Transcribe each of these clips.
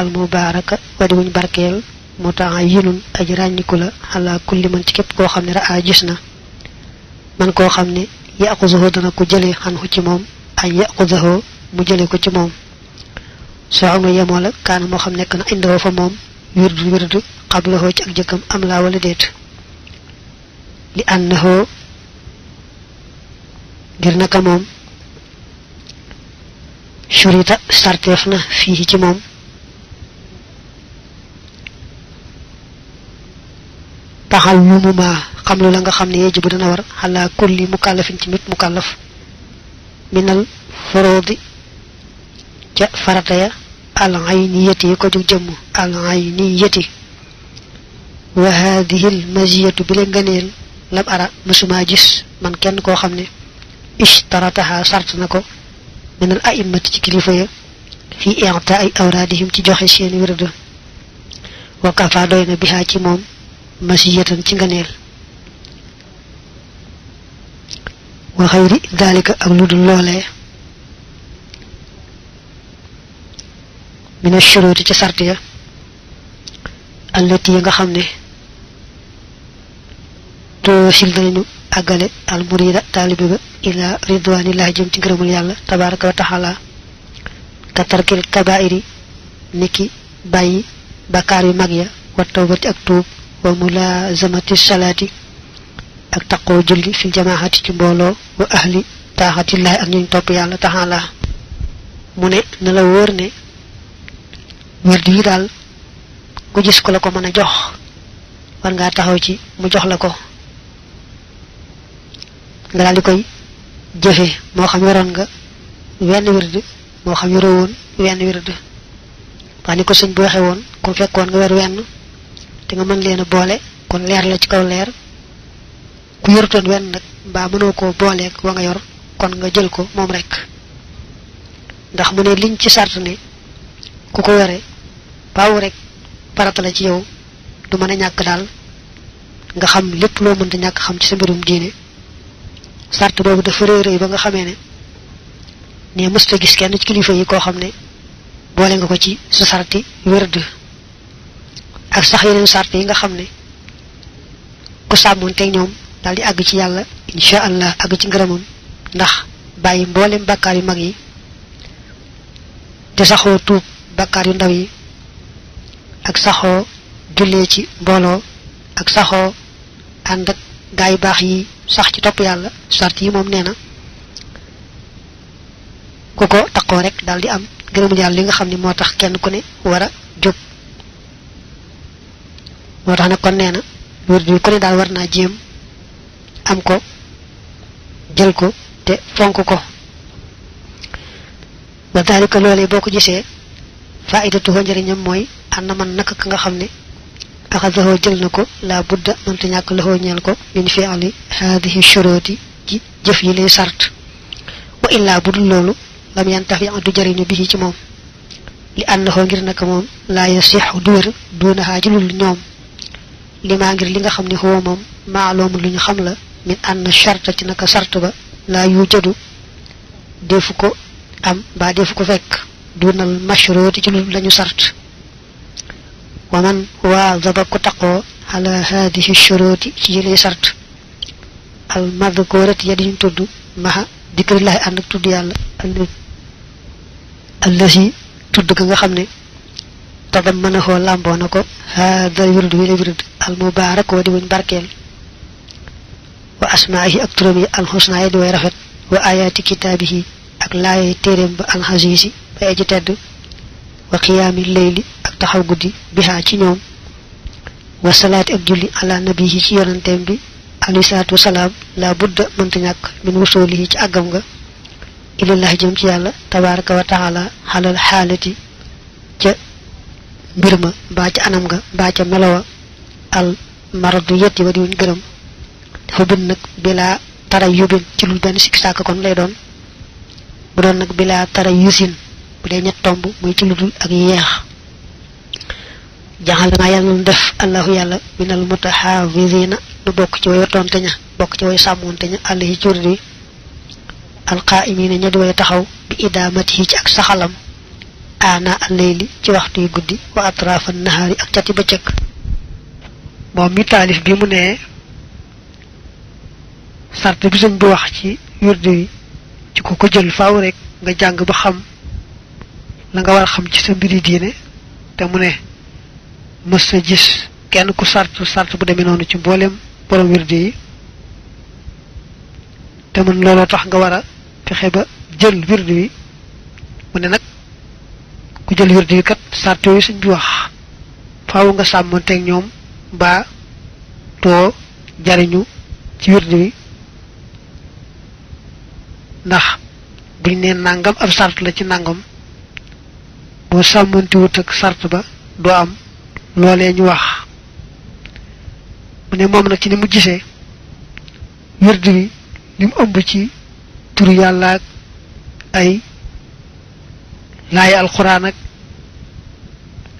al mubaaraka bari wuñ moo mu taa yinun aji ràññiku la xalaa kulli man ci képp koo xam ne raa gis na man koo xam ne yaqusaho dana ko jële xan ci moom ay yaqusaho mu jële ko ci moom soo am na yemoo la kaana moo xam nekk na indawoo fa moom wirdu wirdu xablahoo ci ak jëkkam am laa wala déet li annahoo ngir naka moom surita sarteef na fii ci moom faxal lumu ma xam lu la nga xam ne yee jibu dana war xalaa kulli mukallafin ci mit mukallaf minal foroodi ca farata ya al ayniyati yi ko jug jëmm al ayniyati wa haadihil maziyatu bi la ngëneel lab ara mësuma gis man kenn koo xam ne ishtarataha sart na ko minal a'immati ci kilifa ya fi i'ta ay awraadihim ci joxe seen wirda wa kafa doy na bihaa ci moom masiyatan ci nganeel wa xayri daalika ak lu dul loolee mina shuruuti ca sart ya allati yi nga xam ne toosil danañu àggale al murida taalibe ba ila ridwanillah jëm ci ngërëmul yàlla tabaraka wa taxala ka tarkil bàyyi bakkaar yu mag ya wa tawbati ak tuub wa mulazamati salaati ak taqoo julli fil jamaahati ci mbooloo wa ahli taaxatillahi ak ñu topp yàlla la mu ne na la wóor ne wird yi daal ku gis ko la ko mën a jox war ngaa taxaw ci mu jox la ko nga daal di koy jëfee moo xam yoroon nga wenn wird moo xam yoroo woon wenn di wax ni ko sëñ bu waxee woon ku fekkoon nga wer wenn te nga mën leen a boole kon leer la ci kaw leer ku yorutoon wenn nag mbaa mënoo koo booleeg wa nga yor kon nga jël ko moom rek ndax mu ne liñ ci sart ne ku ko yore baaw rek farata la ci yow du mën a ñàkk daal nga xam lépp loo mënta ñàkk xam ci sa mbirum diine sart boobu dafa rëy rëy ba nga xamee ne ne mësta gis kenn ci kilifa yi koo xam ne boole nga ko ci sa sarti wérd ak sax yeneen sart yi nga xam ne ku sàmmoonteeg ñoom daal di àgg ci yàlla incha allah àgg ci ngërëmam ndax bàyyi mboolem bàkkaar yu mag yi te saxoo tuub bàkkaar yu ndaw yi ak saxoo jullee ci mbooloo ak saxoo ànd ak gaa yu baax yi sax ci topp yàlla sart yi moom nee na ku ko taqoo rek daal di am ngërëmul yàlla li nga xam ne moo tax kenn ku ne war a moo tax nag kon nee na wird yu daal war naa jéem am ko jël ko te fonk ko wa dalika loolee boo ko gisee faidatuhu njëriñam mooy ànd man naka ka nga xam ne axasahoo jël na ko laa budda mënta ñàkk laxoo ñeel ko min fiali haadihi shuruti ci jëf yi lay sart wa illaa budul loolu lam yantafi du jëriñu bi ci moom li ànd xoo ngir naka moom laa yasixu du wér duunahaa ci lul ñoom limaa ngir li nga xam ne xoo moom maaloomu lu ñu xam la min ànd charte ci naka charte ba laa yu defu ko am mbaa defu ko fekk dunal mashruuti ci lu lañu sart wa man waa zaba ku taqoo ala haadihi ci yëlee sart al madkurati ya di ñu tudd maha dikrillahi ànd tudd yàlla allasi tudd ga nga xam ne tadam mën a xoo làmboo na ko hada wird wi la wird al mubarak wa di wuñ barkeel wa asmaahi ak turam yi way rafet wa ayaati kitaabihi ak laayay téeréem alxasiisi ba aji wa qiyaami leyli ak taxaw guddi ci ñoom wa salaati ak julli ala nabihi ci yonanteem bi alayhi salaatu wasalaam la budda mënta min wusulihi ci àggam nga ilallahi jëm ci yàlla tabaraka wa taala xalal xaalati mbir ma mbaa ca anam nga mbaa ca melowa al maradu yetti wa di wuñ gërëm dafa bind nag ci lu lay doon doon nag bilaa tara yusin bu dee ñett tomb muy ci lu ak yeex jaxal naa yàlla nu def allahu yàlla minal mutahaafisiina nu bokk ci way wattoonte ña bokk ci way sàmmoonte ña àll yi cuur di alqaa'imiina way taxaw bi idaamati yi ci ak saxalam aana al-layli ci waxtu yu guddi wa atraafa nahaari ak cati bëccëg moom mi taalif bi mu nee sart bi sëñ wax ci wirdu wi ci ku ko jël faaw rekk nga jàng ba xam la nga war a xam ci sa mbiri diine te mu ne mës sa gis kenn ku sart sart bu demee noonu ci mbooleem borom wirdu yi te mën looloo tax nga war a fexe ba jël wirdu wi mu ne nag ku jël wird wi kat sart yooyu sëñ bi wax faaw nga sàmmanteeg ñoom mbaa doo jariñu ci wird wi ndax buñ ne nàngam ab sart la ci nàngam boo sàmmantiwut ak sart ba doo am loolee ñu wax mu ne moom nag ci ni mu gisee wird bi li ëmb ci turu yàlla ak ay laaye alxuraan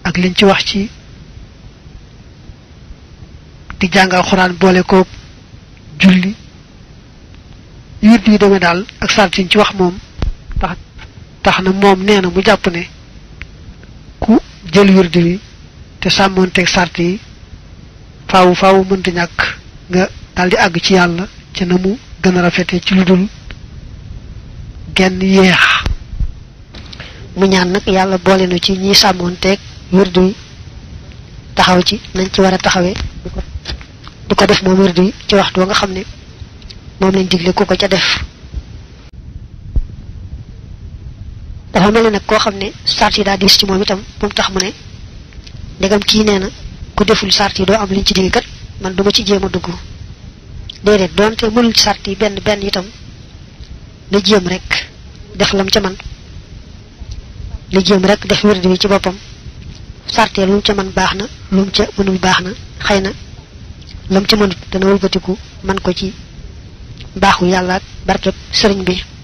ak liñ ci wax ci di jàng alxuraan boole koog julli wird yu deme daal ak sart yiñ ci wax moom tax tax na moom nee na mu jàpp ne ku jël wird wi te sàmmoonteeg sart yi faawu faawu mënta ñàkk nga daal àgg ci yàlla ci na mu gën a rafete ci lu dul genn yeex mu ñaan nag yàlla boole nu ci ñi sàmmoonteeg wirdu yi taxaw ci nañ ci war a taxawee di ko def moom wirdu yi ci waxtu wa nga xam ne moom lañ digle ku ko ca def dafa mel nag koo xam ne sart yi daa diis ci moom itam bu mu tax mu ne ndegam kii nee na ku deful sart yi doo am liñ ci digg kat man du ma ci jéem a dugg déedéet doonte mënul ci sart yi benn benn itam na jéem rek def lam ca man na jéem rek def wird wi ci boppam sartee lu mu ca man baax na lu mu ca mënul baax na xëy na lu mu ca mënut dana wëlbatiku man ko ci baaxu yàlla ak barkeb sëriñ bi